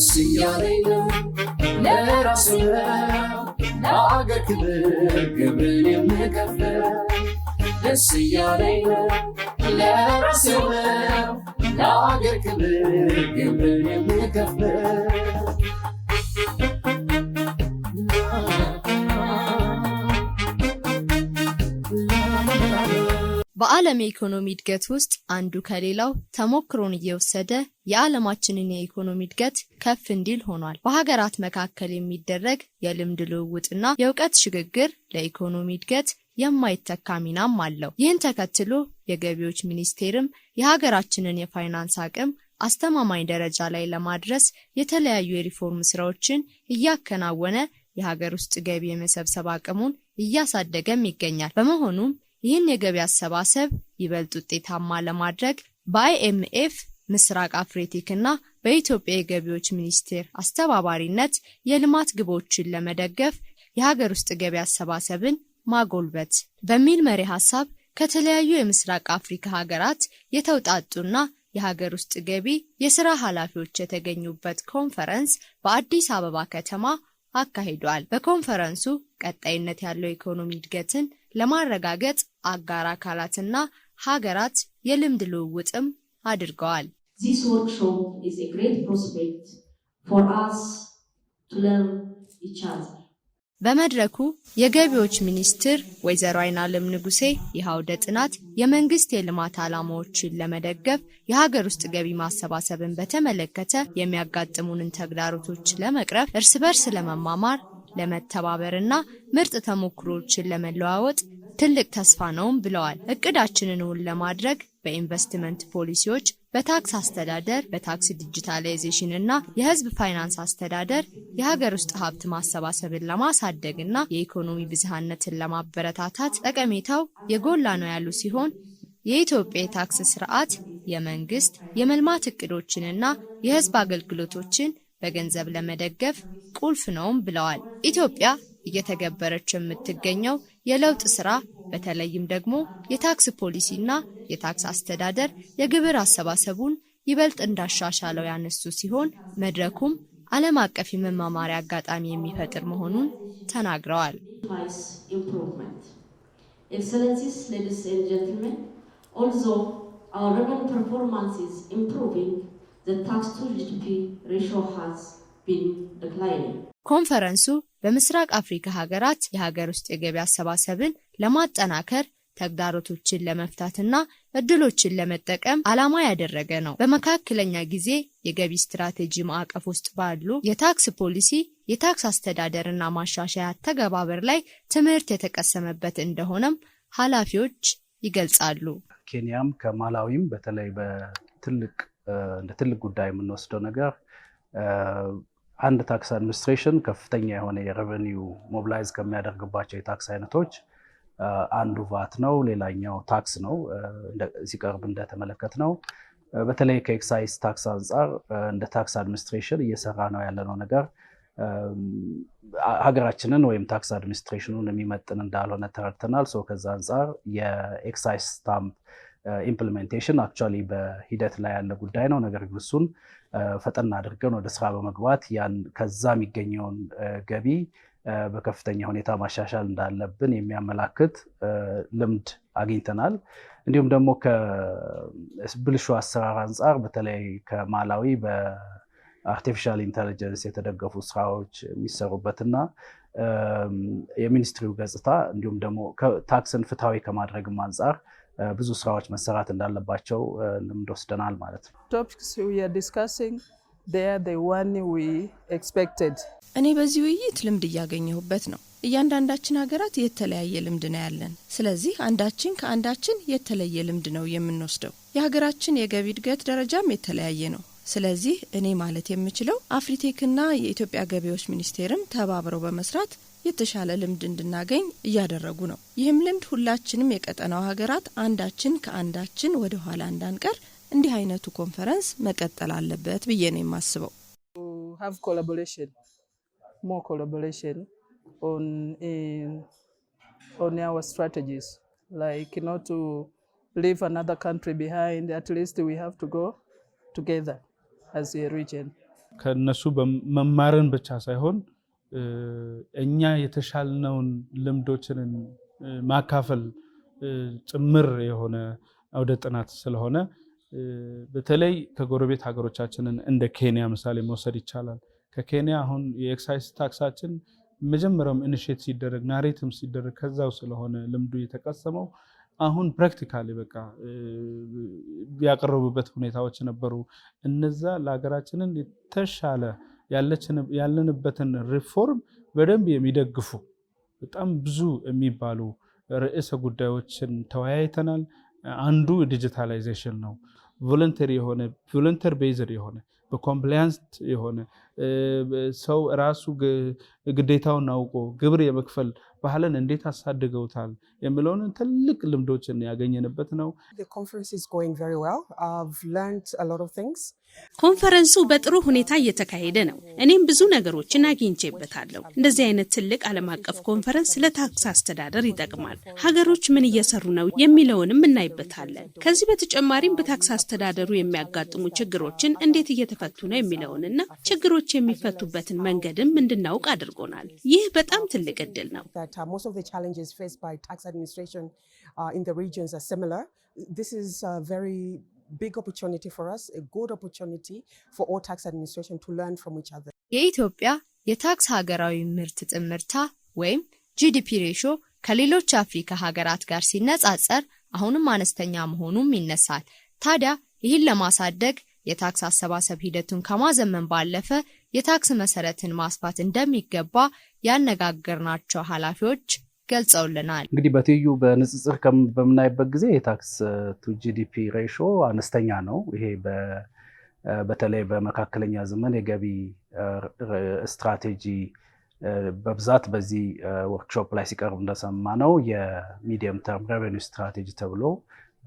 ደስ እያለኝ ነው ለራስ ነው ለአገር ክብር ግብርን የምከፍለው ደስ እያለኝ ነው ለራስ ለአገር ክብር ግብርን የምከፍለው በዓለም የኢኮኖሚ እድገት ውስጥ አንዱ ከሌላው ተሞክሮን እየወሰደ የዓለማችንን የኢኮኖሚ እድገት ከፍ እንዲል ሆኗል። በሀገራት መካከል የሚደረግ የልምድ ልውውጥና የእውቀት ሽግግር ለኢኮኖሚ እድገት የማይተካ ሚናም አለው። ይህን ተከትሎ የገቢዎች ሚኒስቴርም የሀገራችንን የፋይናንስ አቅም አስተማማኝ ደረጃ ላይ ለማድረስ የተለያዩ የሪፎርም ስራዎችን እያከናወነ የሀገር ውስጥ ገቢ የመሰብሰብ አቅሙን እያሳደገም ይገኛል። በመሆኑም ይህን የገቢ አሰባሰብ ይበልጥ ውጤታማ ለማድረግ በአይኤምኤፍ ምስራቅ አፍሪቲክ እና በኢትዮጵያ የገቢዎች ሚኒስቴር አስተባባሪነት የልማት ግቦችን ለመደገፍ የሀገር ውስጥ ገቢ አሰባሰብን ማጎልበት በሚል መሪ ሀሳብ ከተለያዩ የምስራቅ አፍሪካ ሀገራት የተውጣጡና የሀገር ውስጥ ገቢ የስራ ኃላፊዎች የተገኙበት ኮንፈረንስ በአዲስ አበባ ከተማ አካሂዷል። በኮንፈረንሱ ቀጣይነት ያለው ኢኮኖሚ እድገትን ለማረጋገጥ አጋር አካላትና ሀገራት የልምድ ልውውጥም አድርገዋል። በመድረኩ የገቢዎች ሚኒስትር ወይዘሮ አይናለም ንጉሴ ይህ ጥናት የመንግስት የልማት ዓላማዎችን ለመደገፍ የሀገር ውስጥ ገቢ ማሰባሰብን በተመለከተ የሚያጋጥሙንን ተግዳሮቶች ለመቅረፍ እርስ በርስ ለመማማር ለመተባበርና ምርጥ ተሞክሮዎችን ለመለዋወጥ ትልቅ ተስፋ ነውም ብለዋል። እቅዳችንን እውን ለማድረግ በኢንቨስትመንት ፖሊሲዎች፣ በታክስ አስተዳደር፣ በታክስ ዲጂታላይዜሽን እና የህዝብ ፋይናንስ አስተዳደር የሀገር ውስጥ ሀብት ማሰባሰብን ለማሳደግ እና የኢኮኖሚ ብዝሃነትን ለማበረታታት ጠቀሜታው የጎላ ነው ያሉ ሲሆን የኢትዮጵያ የታክስ ስርዓት የመንግስት የመልማት እቅዶችንና የህዝብ አገልግሎቶችን በገንዘብ ለመደገፍ ቁልፍ ነውም ብለዋል። ኢትዮጵያ እየተገበረች የምትገኘው የለውጥ ስራ በተለይም ደግሞ የታክስ ፖሊሲና የታክስ አስተዳደር የግብር አሰባሰቡን ይበልጥ እንዳሻሻለው ያነሱ ሲሆን መድረኩም ዓለም አቀፍ የመማማሪያ አጋጣሚ የሚፈጥር መሆኑን ተናግረዋል። ኤክሰለንሲስ the tax to GDP ratio has been declining. ኮንፈረንሱ በምስራቅ አፍሪካ ሀገራት የሀገር ውስጥ የገቢ አሰባሰብን ለማጠናከር ተግዳሮቶችን ለመፍታትና እድሎችን ለመጠቀም ዓላማ ያደረገ ነው። በመካከለኛ ጊዜ የገቢ ስትራቴጂ ማዕቀፍ ውስጥ ባሉ የታክስ ፖሊሲ፣ የታክስ አስተዳደርና ማሻሻያ አተገባበር ላይ ትምህርት የተቀሰመበት እንደሆነም ኃላፊዎች ይገልጻሉ። ኬንያም ከማላዊም በተለይ በትልቅ እንደ ትልቅ ጉዳይ የምንወስደው ነገር አንድ ታክስ አድሚኒስትሬሽን ከፍተኛ የሆነ የሬቨኒው ሞቢላይዝ ከሚያደርግባቸው የታክስ አይነቶች አንዱ ቫት ነው። ሌላኛው ታክስ ነው። ሲቀርብ እንደተመለከት ነው። በተለይ ከኤክሳይዝ ታክስ አንጻር እንደ ታክስ አድሚኒስትሬሽን እየሰራ ነው ያለነው ነገር ሀገራችንን ወይም ታክስ አድሚኒስትሬሽኑን የሚመጥን እንዳልሆነ ተረድተናል። ከዛ አንጻር የኤክሳይዝ ስታምፕ ኢምፕሊሜንቴሽን አክቹዋሊ በሂደት ላይ ያለ ጉዳይ ነው። ነገር ግን እሱን ፈጠን አድርገን ወደ ስራ በመግባት ያን ከዛ የሚገኘውን ገቢ በከፍተኛ ሁኔታ ማሻሻል እንዳለብን የሚያመላክት ልምድ አግኝተናል። እንዲሁም ደግሞ ከብልሹ አሰራር አንጻር በተለይ ከማላዊ በአርቲፊሻል ኢንተለጀንስ የተደገፉ ስራዎች የሚሰሩበትና የሚኒስትሪው ገጽታ እንዲሁም ደግሞ ታክስን ፍትሐዊ ከማድረግም አንጻር ብዙ ስራዎች መሰራት እንዳለባቸው ልምድ ወስደናል ማለት ነው። እኔ በዚህ ውይይት ልምድ እያገኘሁበት ነው። እያንዳንዳችን ሀገራት የተለያየ ልምድ ነው ያለን። ስለዚህ አንዳችን ከአንዳችን የተለየ ልምድ ነው የምንወስደው። የሀገራችን የገቢ እድገት ደረጃም የተለያየ ነው። ስለዚህ እኔ ማለት የምችለው አፍሪቴክና የኢትዮጵያ ገቢዎች ሚኒስቴርም ተባብረው በመስራት የተሻለ ልምድ እንድናገኝ እያደረጉ ነው። ይህም ልምድ ሁላችንም የቀጠናው ሀገራት አንዳችን ከአንዳችን ወደ ኋላ እንዳንቀር እንዲህ አይነቱ ኮንፈረንስ መቀጠል አለበት ብዬ ነው የማስበው። ከእነሱ መማርን ብቻ ሳይሆን እኛ የተሻልነውን ልምዶችንን ማካፈል ጭምር የሆነ አውደ ጥናት ስለሆነ በተለይ ከጎረቤት ሀገሮቻችንን እንደ ኬንያ ምሳሌ መውሰድ ይቻላል። ከኬንያ አሁን የኤክሳይዝ ታክሳችን መጀመሪያውም ኢኒሼት ሲደረግ ናሬትም ሲደረግ ከዛው ስለሆነ ልምዱ የተቀሰመው አሁን ፕራክቲካሊ በቃ ያቀረቡበት ሁኔታዎች ነበሩ። እነዛ ለሀገራችንን የተሻለ ያለንበትን ሪፎርም በደንብ የሚደግፉ በጣም ብዙ የሚባሉ ርዕሰ ጉዳዮችን ተወያይተናል። አንዱ ዲጂታላይዜሽን ነው። ቮለንተሪ የሆነ ቮለንተር ቤዝድ የሆነ በኮምፕላያንስ የሆነ ሰው ራሱ ግዴታውን አውቆ ግብር የመክፈል ባህልን እንዴት አሳድገውታል የሚለውን ትልቅ ልምዶችን ያገኘንበት ነው። ኮንፈረንሱ በጥሩ ሁኔታ እየተካሄደ ነው። እኔም ብዙ ነገሮችን አግኝቼበታለሁ። እንደዚህ አይነት ትልቅ ዓለም አቀፍ ኮንፈረንስ ለታክስ አስተዳደር ይጠቅማል። ሀገሮች ምን እየሰሩ ነው የሚለውንም እናይበታለን። ከዚህ በተጨማሪም በታክስ አስተዳደሩ የሚያጋጥሙ ችግሮችን እንዴት እየተፈቱ ነው የሚለውንና ችግሮች የሚፈቱበትን መንገድም እንድናውቅ አድርጎናል። ይህ በጣም ትልቅ እድል ነው። that uh, most of the challenges faced by tax administration uh, in the regions are similar. This is a very big opportunity for us, a good opportunity for all tax administration to learn from each other. የኢትዮጵያ የታክስ ሀገራዊ ምርት ጥምርታ ወይም ጂዲፒ ሬሾ ከሌሎች አፍሪካ ሀገራት ጋር ሲነጻጸር አሁንም አነስተኛ መሆኑም ይነሳል። ታዲያ ይህን ለማሳደግ የታክስ አሰባሰብ ሂደቱን ከማዘመን ባለፈ የታክስ መሰረትን ማስፋት እንደሚገባ ያነጋገርናቸው ኃላፊዎች ገልጸውልናል። እንግዲህ በትይዩ በንጽጽር በምናይበት ጊዜ የታክስ ቱ ጂዲፒ ሬሾ አነስተኛ ነው። ይሄ በተለይ በመካከለኛ ዘመን የገቢ ስትራቴጂ በብዛት በዚህ ወርክሾፕ ላይ ሲቀርብ እንደሰማ ነው የሚዲየም ተርም ሬቨኒ ስትራቴጂ ተብሎ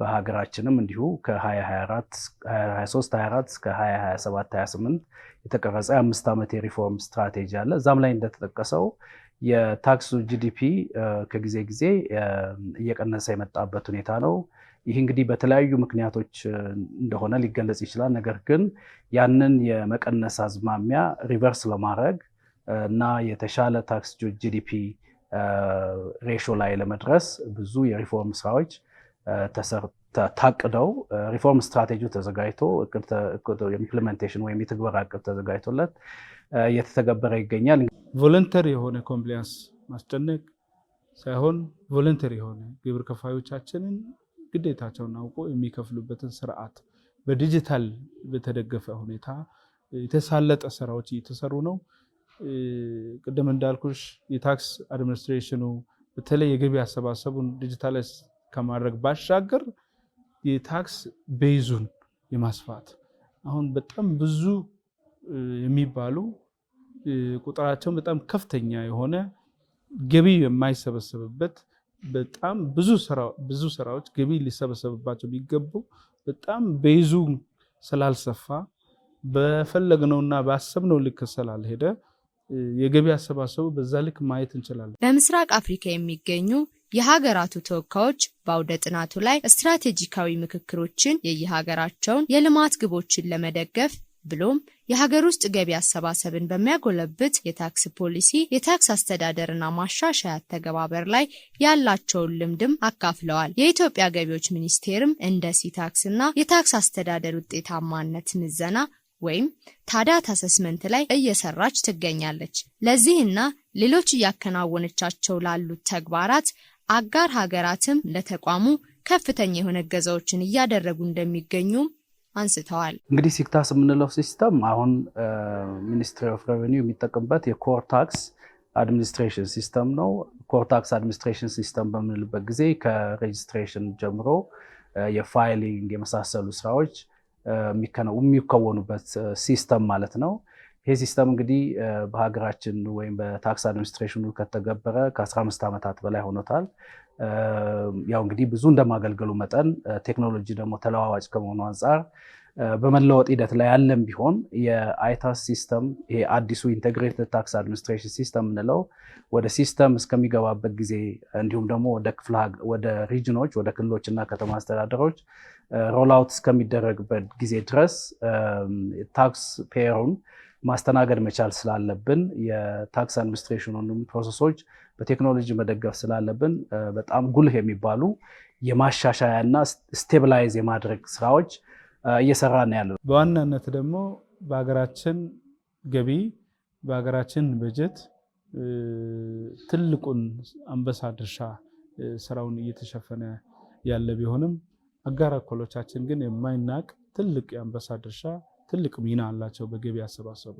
በሀገራችንም እንዲሁ ከ2023 24 እስከ 2027 28 የተቀረጸ የአምስት ዓመት የሪፎርም ስትራቴጂ አለ። እዛም ላይ እንደተጠቀሰው የታክሱ ጂዲፒ ከጊዜ ጊዜ እየቀነሰ የመጣበት ሁኔታ ነው። ይህ እንግዲህ በተለያዩ ምክንያቶች እንደሆነ ሊገለጽ ይችላል። ነገር ግን ያንን የመቀነስ አዝማሚያ ሪቨርስ ለማድረግ እና የተሻለ ታክስ ጂዲፒ ሬሾ ላይ ለመድረስ ብዙ የሪፎርም ስራዎች ታቅደው ሪፎርም ስትራቴጂው ተዘጋጅቶ ኢምፕሊሜንቴሽን ወይም የትግበራ እቅድ ተዘጋጅቶለት እየተተገበረ ይገኛል። ቮለንተሪ የሆነ ኮምፕሊያንስ ማስጨነቅ ሳይሆን ቮለንተሪ የሆነ ግብር ከፋዮቻችንን ግዴታቸውን አውቆ የሚከፍሉበትን ስርዓት በዲጂታል በተደገፈ ሁኔታ የተሳለጠ ስራዎች እየተሰሩ ነው። ቅድም እንዳልኩሽ የታክስ አድሚኒስትሬሽኑ በተለይ የገቢ አሰባሰቡን ዲጂታላይዝ ከማድረግ ባሻገር የታክስ ቤዙን የማስፋት አሁን በጣም ብዙ የሚባሉ ቁጥራቸውን በጣም ከፍተኛ የሆነ ገቢ የማይሰበሰብበት በጣም ብዙ ስራዎች ገቢ ሊሰበሰብባቸው ቢገቡ በጣም ቤዙ ስላልሰፋ በፈለግነውና ባሰብነው ልክ ስላልሄደ የገቢ አሰባሰቡ በዛ ልክ ማየት እንችላለን። በምስራቅ አፍሪካ የሚገኙ የሀገራቱ ተወካዮች በአውደ ጥናቱ ላይ ስትራቴጂካዊ ምክክሮችን የየሀገራቸውን የልማት ግቦችን ለመደገፍ ብሎም የሀገር ውስጥ ገቢ አሰባሰብን በሚያጎለብት የታክስ ፖሊሲ፣ የታክስ አስተዳደርና ማሻሻያ አተገባበር ላይ ያላቸውን ልምድም አካፍለዋል። የኢትዮጵያ ገቢዎች ሚኒስቴርም እንደ ሲታክስና የታክስ አስተዳደር ውጤታማነት ምዘና ወይም ታዳት አሰስመንት ላይ እየሰራች ትገኛለች። ለዚህና ሌሎች እያከናወነቻቸው ላሉት ተግባራት አጋር ሀገራትም ለተቋሙ ከፍተኛ የሆነ እገዛዎችን እያደረጉ እንደሚገኙም አንስተዋል። እንግዲህ ሲክታስ የምንለው ሲስተም አሁን ሚኒስትሪ ኦፍ ሬቨኒው የሚጠቅምበት የኮር ታክስ አድሚኒስትሬሽን ሲስተም ነው። ኮር ታክስ አድሚኒስትሬሽን ሲስተም በምንልበት ጊዜ ከሬጅስትሬሽን ጀምሮ የፋይሊንግ የመሳሰሉ ስራዎች የሚከወኑበት ሲስተም ማለት ነው። ይሄ ሲስተም እንግዲህ በሀገራችን ወይም በታክስ አድሚኒስትሬሽኑ ከተገበረ ከ15 ዓመታት በላይ ሆኖታል። ያው እንግዲህ ብዙ እንደማገልገሉ መጠን ቴክኖሎጂ ደግሞ ተለዋዋጭ ከመሆኑ አንጻር በመለወጥ ሂደት ላይ ያለም ቢሆን የአይታስ ሲስተም ይሄ አዲሱ ኢንቴግሬትድ ታክስ አድሚኒስትሬሽን ሲስተም ምንለው ወደ ሲስተም እስከሚገባበት ጊዜ እንዲሁም ደግሞ ወደ ሪጅኖች ወደ ክልሎች እና ከተማ አስተዳደሮች ሮል አውት እስከሚደረግበት ጊዜ ድረስ ታክስ ፔየሩን ማስተናገድ መቻል ስላለብን የታክስ አድሚኒስትሬሽኑንም ፕሮሰሶች በቴክኖሎጂ መደገፍ ስላለብን በጣም ጉልህ የሚባሉ የማሻሻያ የማሻሻያና ስቴብላይዝ የማድረግ ስራዎች እየሰራ ነው ያለ። በዋናነት ደግሞ በሀገራችን ገቢ በሀገራችን በጀት ትልቁን አንበሳ ድርሻ ስራውን እየተሸፈነ ያለ ቢሆንም አጋር አኮሎቻችን ግን የማይናቅ ትልቅ የአንበሳ ድርሻ ትልቅ ሚና አላቸው በገቢ አሰባሰቡ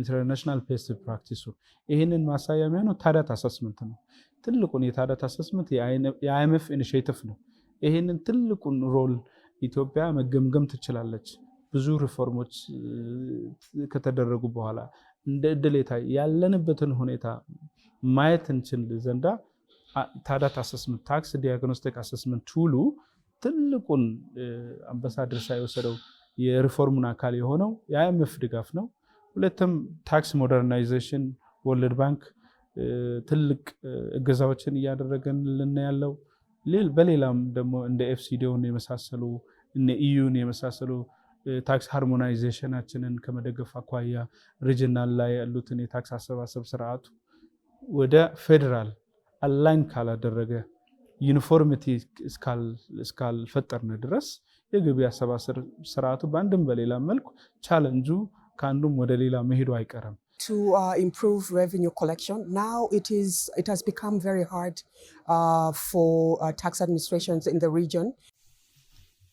ኢንተርናሽናል ቤስት ፕራክቲሱ። ይህንን ማሳያ የሚሆነው ታዳት አሰስመንት ነው። ትልቁን የታዳት አሰስመንት የአይምኤፍ ኢኒሽቲቭ ነው። ይህንን ትልቁን ሮል ኢትዮጵያ መገምገም ትችላለች። ብዙ ሪፎርሞች ከተደረጉ በኋላ እንደ እድሌታ ያለንበትን ሁኔታ ማየት እንችል ዘንዳ ታዳት አሰስመንት ታክስ ዲያግኖስቲክ አሰስመንት ቱሉ ትልቁን አምባሳደር ሳይወሰደው የሪፎርሙን አካል የሆነው የአይኤምኤፍ ድጋፍ ነው። ሁለትም ታክስ ሞደርናይዜሽን ወርልድ ባንክ ትልቅ እገዛዎችን እያደረገልን ያለው በሌላም ደግሞ እንደ ኤፍሲዲውን የመሳሰሉ እነ ኢዩን የመሳሰሉ ታክስ ሃርሞናይዜሽናችንን ከመደገፍ አኳያ ሪጅናል ላይ ያሉትን የታክስ አሰባሰብ ስርዓቱ ወደ ፌዴራል አላይን ካላደረገ ዩኒፎርሚቲ እስካልፈጠርን ድረስ የገቢ አሰባሰብ ስርዓቱ በአንድም በሌላ መልኩ ቻለንጁ ከአንዱም ወደ ሌላ መሄዱ አይቀርም። to uh, improve revenue collection. Now it is it has become very hard uh, for uh, tax administrations in the region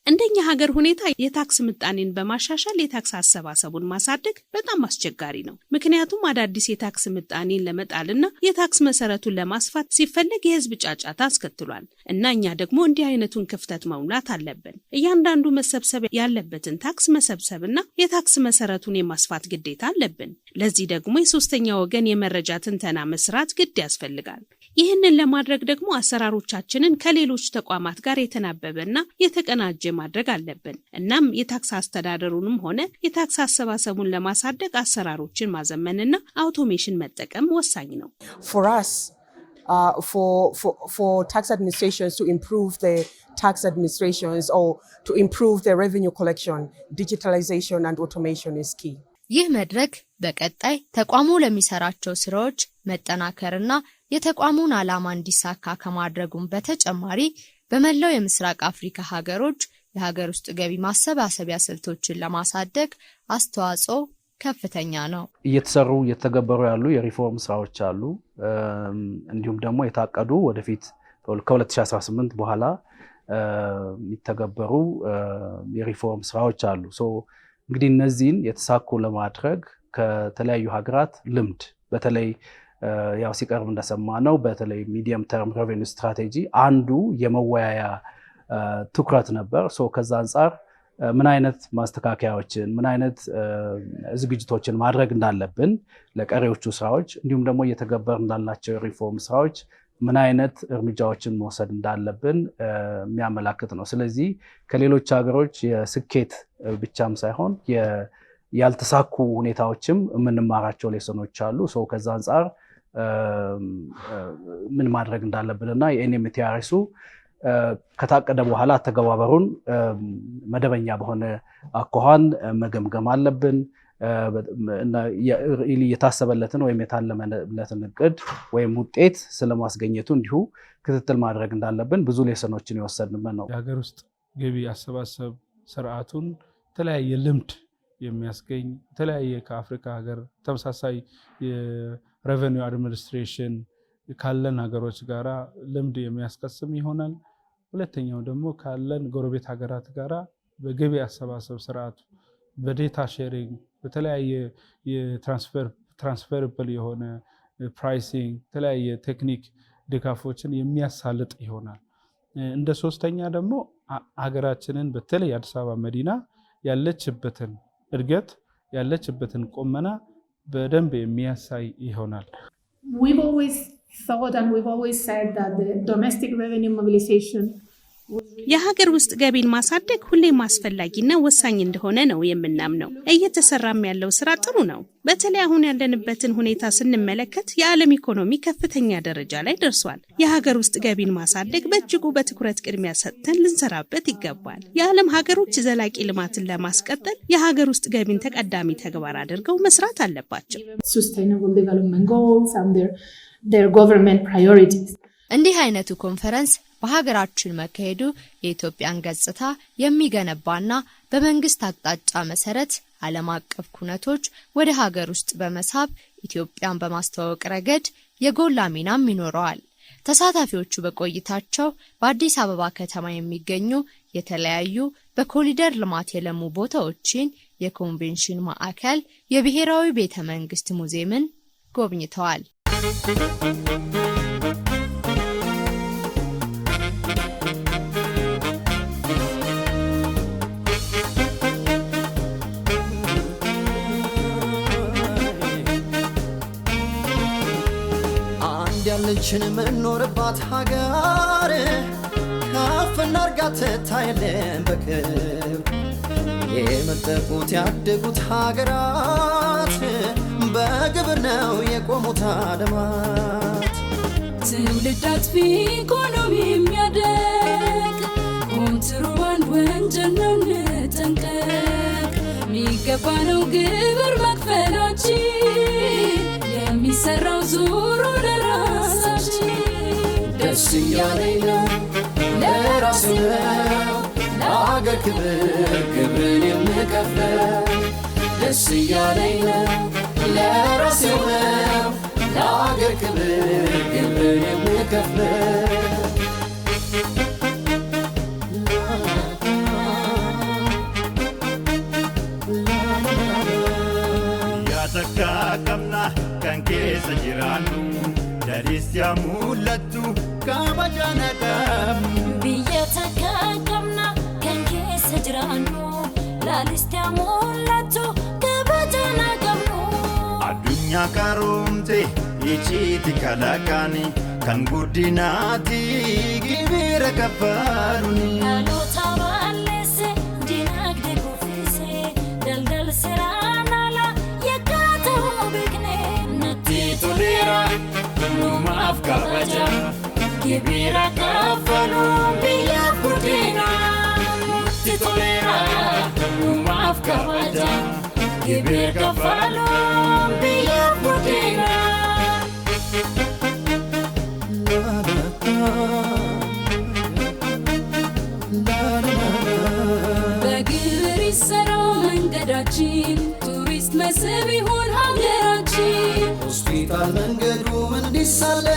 እንደኛ ሀገር ሁኔታ የታክስ ምጣኔን በማሻሻል የታክስ አሰባሰቡን ማሳደግ በጣም አስቸጋሪ ነው። ምክንያቱም አዳዲስ የታክስ ምጣኔን ለመጣልና የታክስ መሰረቱን ለማስፋት ሲፈለግ የህዝብ ጫጫታ አስከትሏል እና እኛ ደግሞ እንዲህ አይነቱን ክፍተት መሙላት አለብን። እያንዳንዱ መሰብሰብ ያለበትን ታክስ መሰብሰብና የታክስ መሰረቱን የማስፋት ግዴታ አለብን። ለዚህ ደግሞ የሶስተኛ ወገን የመረጃ ትንተና መስራት ግድ ያስፈልጋል። ይህንን ለማድረግ ደግሞ አሰራሮቻችንን ከሌሎች ተቋማት ጋር የተናበበና የተቀናጀ ማድረግ አለብን። እናም የታክስ አስተዳደሩንም ሆነ የታክስ አሰባሰቡን ለማሳደግ አሰራሮችን ማዘመንና አውቶሜሽን መጠቀም ወሳኝ ነው። ታክስ አድሚኒስትሬሽንስ ቱ ኢምፕሩቭ ሬቨኒው ኮሌክሽን ዲጂታላይዜሽን አንድ ኦቶሜሽን ኪ። ይህ መድረክ በቀጣይ ተቋሙ ለሚሰራቸው ስራዎች መጠናከርና የተቋሙን ዓላማ እንዲሳካ ከማድረጉም በተጨማሪ በመላው የምስራቅ አፍሪካ ሀገሮች የሀገር ውስጥ ገቢ ማሰባሰቢያ ስልቶችን ለማሳደግ አስተዋጽኦ ከፍተኛ ነው። እየተሰሩ እየተገበሩ ያሉ የሪፎርም ስራዎች አሉ። እንዲሁም ደግሞ የታቀዱ ወደፊት ከ2018 በኋላ የሚተገበሩ የሪፎርም ስራዎች አሉ። እንግዲህ እነዚህን የተሳኩ ለማድረግ ከተለያዩ ሀገራት ልምድ በተለይ ያው ሲቀርብ እንደሰማ ነው። በተለይ ሚዲየም ተርም ሬቨኒ ስትራቴጂ አንዱ የመወያያ ትኩረት ነበር። ከዛ አንጻር ምን አይነት ማስተካከያዎችን ምን አይነት ዝግጅቶችን ማድረግ እንዳለብን ለቀሪዎቹ ስራዎች፣ እንዲሁም ደግሞ እየተገበር እንዳላቸው ሪፎርም ስራዎች ምን አይነት እርምጃዎችን መውሰድ እንዳለብን የሚያመላክት ነው። ስለዚህ ከሌሎች ሀገሮች የስኬት ብቻም ሳይሆን ያልተሳኩ ሁኔታዎችም የምንማራቸው ሌሰኖች አሉ። ከዛ አንጻር ምን ማድረግ እንዳለብን እና የኤንኤምቲአርሱ ከታቀደ በኋላ አተገባበሩን መደበኛ በሆነ አኳኋን መገምገም አለብን። የታሰበለትን ወይም የታለመለትን እቅድ ወይም ውጤት ስለማስገኘቱ እንዲሁ ክትትል ማድረግ እንዳለብን ብዙ ሌሰኖችን የወሰድንበት ነው። የሀገር ውስጥ ገቢ አሰባሰብ ስርዓቱን የተለያየ ልምድ የሚያስገኝ የተለያየ ከአፍሪካ ሀገር ተመሳሳይ የሬቨኒው አድሚኒስትሬሽን ካለን ሀገሮች ጋራ ልምድ የሚያስቀስም ይሆናል። ሁለተኛው ደግሞ ካለን ጎረቤት ሀገራት ጋራ በገቢ አሰባሰብ ስርዓቱ፣ በዴታ ሼሪንግ፣ በተለያየ የትራንስፈርብል የሆነ ፕራይሲንግ፣ የተለያየ ቴክኒክ ድጋፎችን የሚያሳልጥ ይሆናል። እንደ ሶስተኛ ደግሞ ሀገራችንን በተለይ አዲስ አበባ መዲና ያለችበትን እድገት ያለችበትን ቁመና በደንብ የሚያሳይ ይሆናል። We've always thought and we've always said that the domestic revenue mobilization የሀገር ውስጥ ገቢን ማሳደግ ሁሌም አስፈላጊና ወሳኝ እንደሆነ ነው የምናምነው። እየተሰራም ያለው ስራ ጥሩ ነው። በተለይ አሁን ያለንበትን ሁኔታ ስንመለከት የዓለም ኢኮኖሚ ከፍተኛ ደረጃ ላይ ደርሷል። የሀገር ውስጥ ገቢን ማሳደግ በእጅጉ በትኩረት ቅድሚያ ሰጥተን ልንሰራበት ይገባል። የዓለም ሀገሮች ዘላቂ ልማትን ለማስቀጠል የሀገር ውስጥ ገቢን ተቀዳሚ ተግባር አድርገው መስራት አለባቸው። እንዲህ አይነቱ ኮንፈረንስ በሀገራችን መካሄዱ የኢትዮጵያን ገጽታ የሚገነባና በመንግስት አቅጣጫ መሰረት ዓለም አቀፍ ኩነቶች ወደ ሀገር ውስጥ በመሳብ ኢትዮጵያን በማስተዋወቅ ረገድ የጎላ ሚናም ይኖረዋል። ተሳታፊዎቹ በቆይታቸው በአዲስ አበባ ከተማ የሚገኙ የተለያዩ በኮሪደር ልማት የለሙ ቦታዎችን፣ የኮንቬንሽን ማዕከል፣ የብሔራዊ ቤተ መንግስት ሙዚየምን ጎብኝተዋል። ያለችን የምንኖርባት ሀገር ከፍና እርጋት ትታየለን በቅርብ የመጠቁት ያደጉት ሀገራት በግብር ነው የቆሙት አለማት። ትውልድ አጥፊ ኢኮኖሚ የሚያደግ ኮንትሮባንድ ወንጀል ነው፣ እንጠንቀቅ። የሚገባ ነው ግብር መክፈላችን የሚሰራው ዙሮ ለራሳችን ደስ እያለኝ ነው፣ ለራሱ ነው። ለአገር ክብር ክብርን የምከፍለው ደስ እያለኝ ነው፣ ለራሱ ነው። ለአገር ክብር ክብርን የምከፍለው keessa jiraannu dadheessaa mul'attu kabajaan adaamu. Biyya takka qabna kan keessa jiraannu laalistee mul'attu kabajaan adaamu. Addunyaa karoomte iciiti kalaqaan kan guddinaati gibira kaffaaruuni. ክብር አካፈሉ ብያ ጉዲና ትቶሌራ ሁማፍ ካባጃ ክብር ከፋሉ ብያ ጉዲና በግብር ይሰራው መንገዳችን ቱሪስት መስህብ ይሁን ሀገራችን ሆስፒታል መንገዱ እንዲሳለ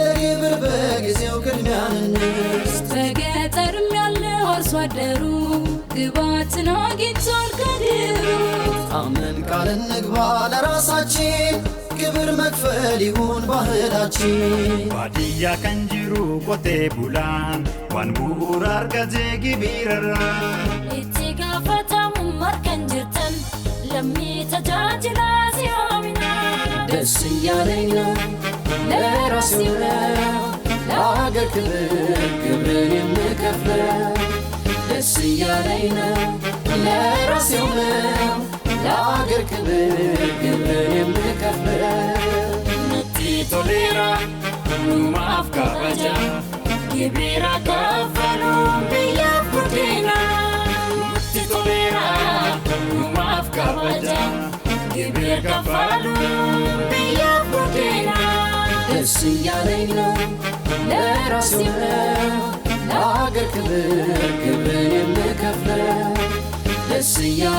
ለግብር በ ለጊዜው ቅድሚያ እንስጥ። በገጠርም ያለው አርሶ አደሩ ግባትን አግኝቷል ከድሩ። አምነን ቃል እንግባ ለራሳችን ግብር መክፈል ይሁን ባህላችን። ባድያ ከንጅሩ ቆቴ ቡላን ዋን ቡኡር አርገዜ ጊቢረራ itti gaafatamummaan kan jirtan lammii tajaajila si haamina. Dessi yaadanya, ለሀገር ክብር ግብርን የምከፍለው ደስ እያለኝ ነው ለራሴው ነው ክብር ግብርን የምከፍለው ቶሌራ ሁሉም አፍጋባጃ ግቢራ ከፈሉ ብያ ቶሌራ ሁሉም አፍጋባጃ ግቢር ከፈሉ ብያ ደስ እያለኝ ነው ለራሴም ነው ለአገር ክብር ክብርን የምከፍለው ደስ